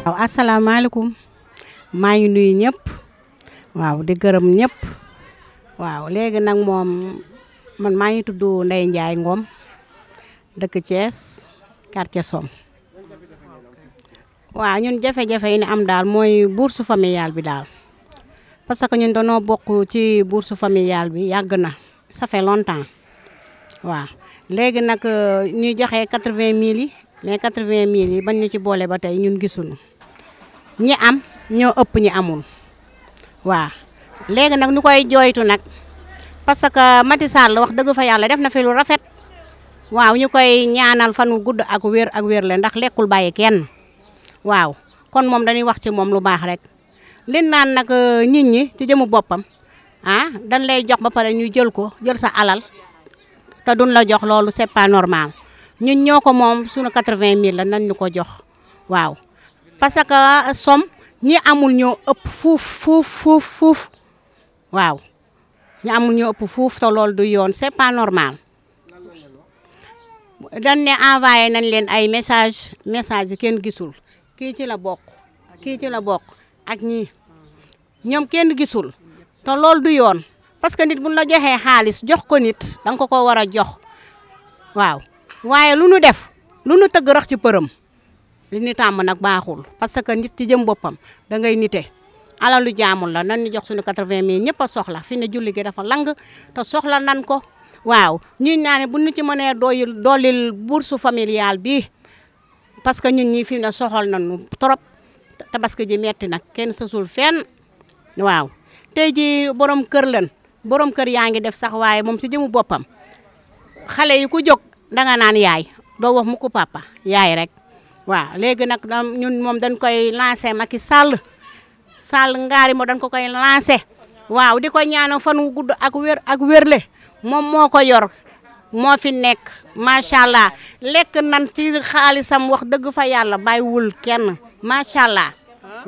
waaw asalaamaaleykum maa ngi nuyu ñëpp waaw di gërëm ñëpp waaw léegi nag moom man maa ngi tudd ndey Ndiaye Ngom dëkk Thiès quartier som waaw ñun jafe-jafe yi ni am daal mooy bourse familiale bi daal parce que ñun dañoo bokk ci bourse familiale bi yàgg na ça longtemps waaw léegi nag euh, ñuy joxe quatre-vingt mille yi mais quatre-vingt mille yi bañ ñu ci boole ba tey ñun gisuñu ñi am ñoo ëpp ñi amul waaw léegi nag ñu koy jooytu nag parce que Macky Sall wax dëgg fa yàlla def na fi lu rafet waaw ñu koy ñaanal fan wu gudd ak wér ak wér le ndax lekkul bàyyi kenn waaw kon moom dañuy wax ci moom lu baax rek lin naan nag euh, nit ñi ci jëmu boppam ah dañ lay jox ba pare ñu jël ko jël sa alal te duñ la jox loolu c'est pas normal ñun ñoo ko moom sunu suñu 80000 la nañ ñu ko jox waaw parce que euh, som ñi amul ñoo ëpp fuuf fuuf fuuf waaw ñi amul ñoo ëpp fuuf te loolu du yoon c'est pas normal dane ne envoyé nañ leen ay message message kenn gisul kii ci la bokk kii ci la bokk ak ñii ñoom kenn gisul te loolu du yoon parce que nit buñ la joxee xaalis jox ko nit danga ko ko war a jox waaw waaye lu nu def lu nu tëgg rax ci përëm li ñu tàmm nag baaxul parce que nit ci jëm boppam da ngay nite alalu jaamul la nan ñu jox suñu 80 mille ñëpp a soxla fii na julli gi dafa lang te soxla nan ko waaw ñuy naa bu ñu ci mënee doyil doolil bourse familiale bi parce que ñun ñi fi ne soxal nañu trop tabaski ji metti nag kenn sasul fenn waaw tey ji borom kër lan borom kër yaa ngi def sax waaye moom si jëmu boppam xale yi ku jóg danga naan yaay doo wax mu ko papa yaay rek waaw léegi nag ñun moom dañ koy lancé maki Sall Sall ngaari moo dañ ko koy lancé waaw di ko ñaanal fan wu gudd ak wér ak wérle moom moo ko yor moo fi nekk macha allah lekk nan ci xaalisam wax dëgg fa yàlla bàyyiwul kenn macha allah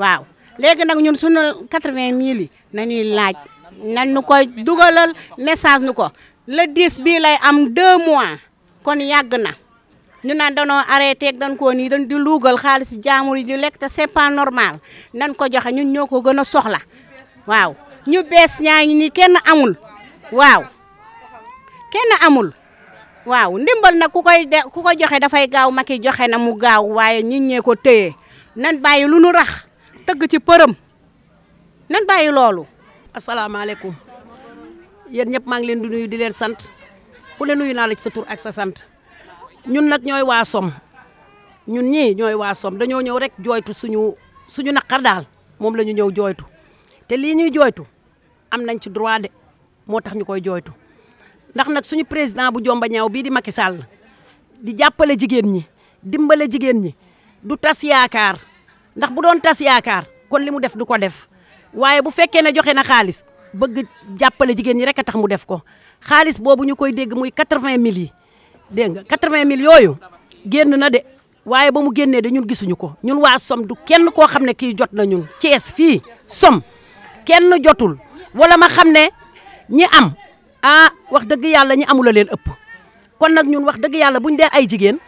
waaw léegi nag ñun sunu 80 mille yi nañuy laaj nañ nu koy dugalal message nu ko le 10 bii lay am 2 mois kon yàgg na. ñu naan danoo arrêté ak dañ koo nii dañ di luugal xaalis jaamur yi di lekk te c'est normal nan ko joxe ñun ñoo ko gën a soxla waaw ñu bees ñaa ngi nii kenn amul waaw kenn amul waaw ndimbal nag ku koy ku ko joxe dafay gaaw Macky joxe na mu gaaw waaye ñit ñee ko téye nan bàyyi lu nu rax tëgg ci përëm nan bàyyi loolu. asalaamaaleykum yéen ñëpp maa ngi leen di nuyu di leen sant ku leen nuyu naa la ci sa tur ak sa sant. ñun nag ñooy waa som ñun ñii ñooy waa som dañoo ñëw rek jooytu suñu suñu naqar daal moom la ñu ñëw jooytu te lii ñuy jooytu am nañ ci droit de moo tax ñu koy jooytu ndax nag suñu président bu jomba ñaaw bii di Macky Sall di jàppale jigéen ñi dimbale jigéen ñi du tas yaakaar ndax bu doon tas yaakaar kon li mu def du ko def waaye bu fekkee ne joxe na xaalis bëgg jàppale jigéen ñi rek a tax mu def ko xaalis boobu ñu koy dégg muy quatre-vingt yi dégg nga 80 mille yooyu génn na de waaye ba mu génnee de ñun gisuñu ko ñun waa som du kenn koo xam ne kii jot na ñun Thiès fii som kenn jotul wala ma xam ne ñi am ah wax dëgg yàlla ñi amula leen ëpp kon nag ñun wax dëgg yàlla buñ dee ay jigéen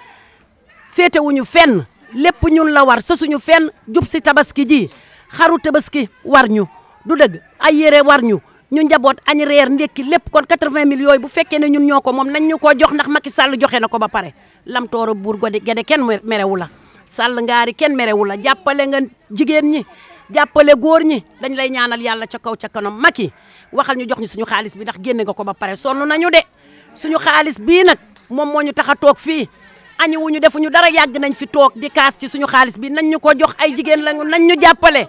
féetewuñu fenn lépp ñun la war sa suñu fenn jub si tabaski ji xaru tabaski war ñu du dëgg ay yére war ñu ñu njaboot añ reer ndekki lépp kon 80 mille yooyu bu fekkee ne ñun ñoo ko moom nañ ñu koo jox ndax Macky Sall joxe na ko ba pare lam tooro buur gode gede kenn merewu la sàll ngaari kenn merewu la jàppale nga jigéen ñi jàppale góor ñi dañ lay ñaanal yàlla ca kaw ca kanam Macky waxal ñu jox suñu xaalis bi ndax génne nga ko ba pare sonn nañu de suñu xaalis bii nag moom moo ñu tax a toog fii añi wuñu defuñu dara yàgg nañ fi toog di kaas ci suñu xaalis bi nañ ñu ko jox ay jigéen lañu nañ ñu jàppale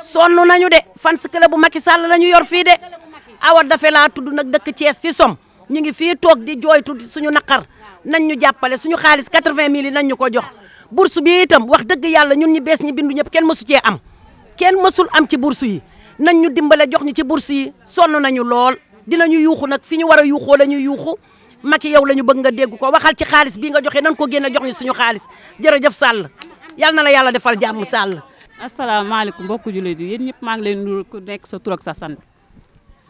sonn nañu de fans club bu Macky Sall la ñu yor fii awa dafe laa tudd nag dëkk cee si som ñu ngi fii toog di jooy jooytu suñu naqar nañ ñu jàppale suñu xaalis 80 mille yi nañ ñu ko jox bourse bi itam wax dëgg yàlla ñun ñi bees ñu bindu ñëpp kenn mësu cee am kenn mësul am ci bourse yi nañ ñu dimbale jox ñu ci bourse yi sonn nañu lool ñu yuuxu nag fi ñu war a yuuxoo la ñu yuuxu Macky yow la ñu bëgg nga dégg ko waxal ci xaalis bii nga joxe nan ko génne jox ñu suñu xaalis jërëjëf Sall yal na la yàlla defal jàmm Sall. asalaamaaleykum mbokki jullit yi yéen ñëpp maa ngi leen nuyu ku nekk sa tur sa sant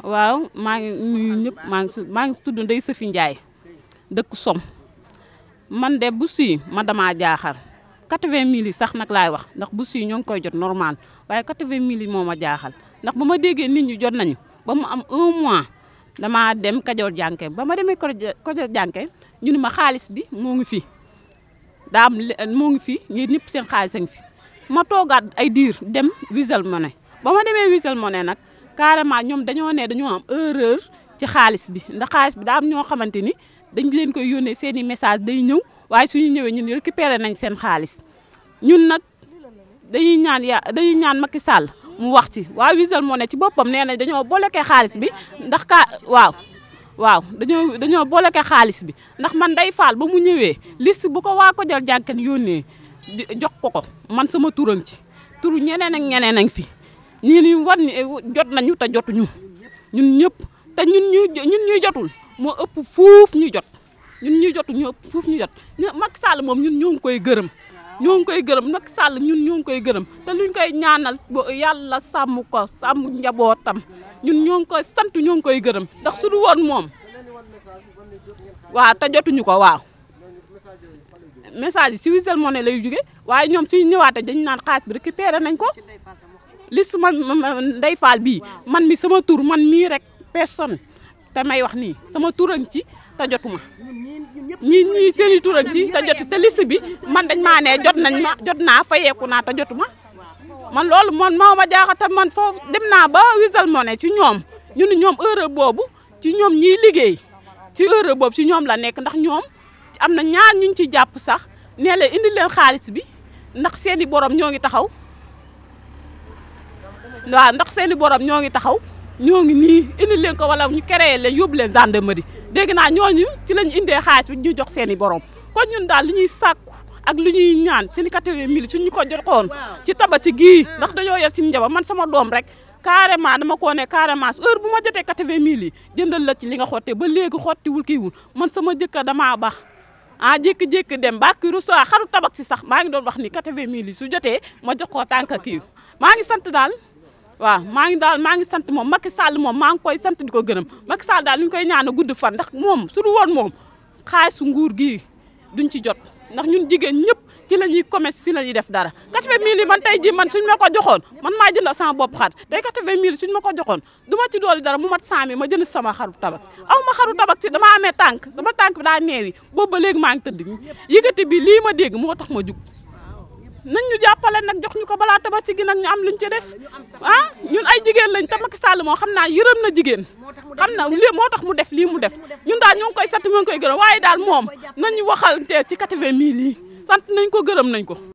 waaw maa ngi nuyu ñëpp maa ngi maa ngi tudd Ndeye Safi Ndiaye dëkk Som man de bu sii ma damaa jaaxal quatre-vingt mille sax nag laay wax ndax bu sii ñoo ngi koy jot normal waaye quatre-vingt mille yi moo ma jaaxal ndax ba ma déggee nit ñi jot nañu ba mu am un mois damaa dem Kajoor jànke ba ma demee Kajoor jànke ñu ne ma xaalis bi moo ngi fi daa am moo ngi fi ñun ñëpp seen xaalis a ngi fi ma toogaat ay diir dem Wizall ne ba ma demee Wizall ne nag. carrément ñoom dañoo ne dañoo am erreur ci xaalis bi ndax xaalis bi daa am ñoo xamante ni dañ leen koy yónnee seen i message day ñëw waaye suñu ñëwee ñun récupéré nañ seen xaalis ñun nag dañuy ñaan ya dañuy ñaan Macky Sall mu wax ci waaw Wizall moo ne ci boppam nee nañ dañoo bloqué xaalis bi ndax ka waaw waaw dañoo dañoo bloqué xaalis bi ndax man day faal ba mu ñëwee list bu ko waa ko jël jànken yónnee jox ko ko man sama turan ci turu ñeneen ak ñeneen a fi nii nii war eh, jot nañu te jotuñu ñun ñëpp te ñun ñuy jotul moo ëpp fuuf ñu jot ñun ñuy jotul ñoo ëpp fuuf ñu jot Macky Sall moom ñun ñoo ngi koy gërëm ñoo ngi koy gërëm Macky Sall ñun ñoo ngi koy gërëm te luñ koy ñaanal yàlla sàmm ko sàmm njabootam ñun ñoo ko koy sant ñoo ngi koy gërëm ndax su woon moom waaw te jotuñu ko waaw message yi si Wizall Money lay jóge waaye ñoom suñu ñëwaatee dañu naan xaalis bi récupéré nañ ko liste ma Ndeye Fall bii man mi sama tur man mii rek personne te may wax nii sama turam ci te jotuma ñii ñii seen i turam ci te jotu te liste bi man dañ maa ne jot nañ ma jot naa fayeeku naa te ma man loolu man moo ma jaaxal te man foofu dem naa ba wisal moo ne ci ñoom ñu ñoom heure boobu ci ñoom ñiy liggéey ci heure boobu ci ñoom la nekk ndax ñoom am na ñaar ñu ñu ci jàpp sax nee leen indi leen xaalis bi ndax seen i borom ñoo ngi taxaw waaw ndax seen i borom ñoo ngi taxaw ñoo ngi nii indi leen ko wala ñu créé leen yóbbu leen gendarmerie dégg naa ñooñu ci lañ indee xaalis bi ñu jox seen i borom kon ñun daal lu ñuy sàkku ak lu ñuy ñaan seen quatre-vingt mille suñu ko joxoon ci tabaski gii ndax dañoo yor suñu njaboot man sama doom rek carrément dama koo ne carrément heure bu ma jotee quatre-vingt mille yi jëndal la ci li nga xottee ba léegi xottiwul kiiwul man sama jëkkër damaa baax ah jékki dem bàkki rusa xaru tabak si sax maa ngi doon wax ni quatre-vingt mille yi su jotee ma jox koo tànk kii maa ngi sant daal waaw maa ngi daal maa ngi sant moom Macky Sall moom maa ngi koy sant di ko gërëm Macky Sall daal li ñu koy ñaan gudd fan ndax moom su du woon moom xaalisu nguur gi duñ ci jot ndax ñun jigéen ñëpp ci la ñuy commerce la ñuy def dara 80000 yi man tey ji man suñ ma ko joxoon man maa jënd sama bop xar tey 80000 suñ ma ko joxoon du ma ci dooli dara mu mat 100000 ma jënd sama xaru tabax aw ma xaru tabax si dama amee tànk sama tànk bi daa neewi boobu ba léegi maa ngi tëdd bi lii ma dégg moo tax ma jug nañ ñu jàppale nag jox ñu ko balaa tabaski gi nag ñu am luñ ci def ah ñun ay jigéen lañ te Macky Sall moo xam naa yërëm na jigéen xam na lii moo tax mu def lii mu def ñun daal ñoo ngi koy sant mu ngi koy gërëm waaye daal moom nañu waxal te ci 80 mii yi sant nañ ko gërëm nañ ko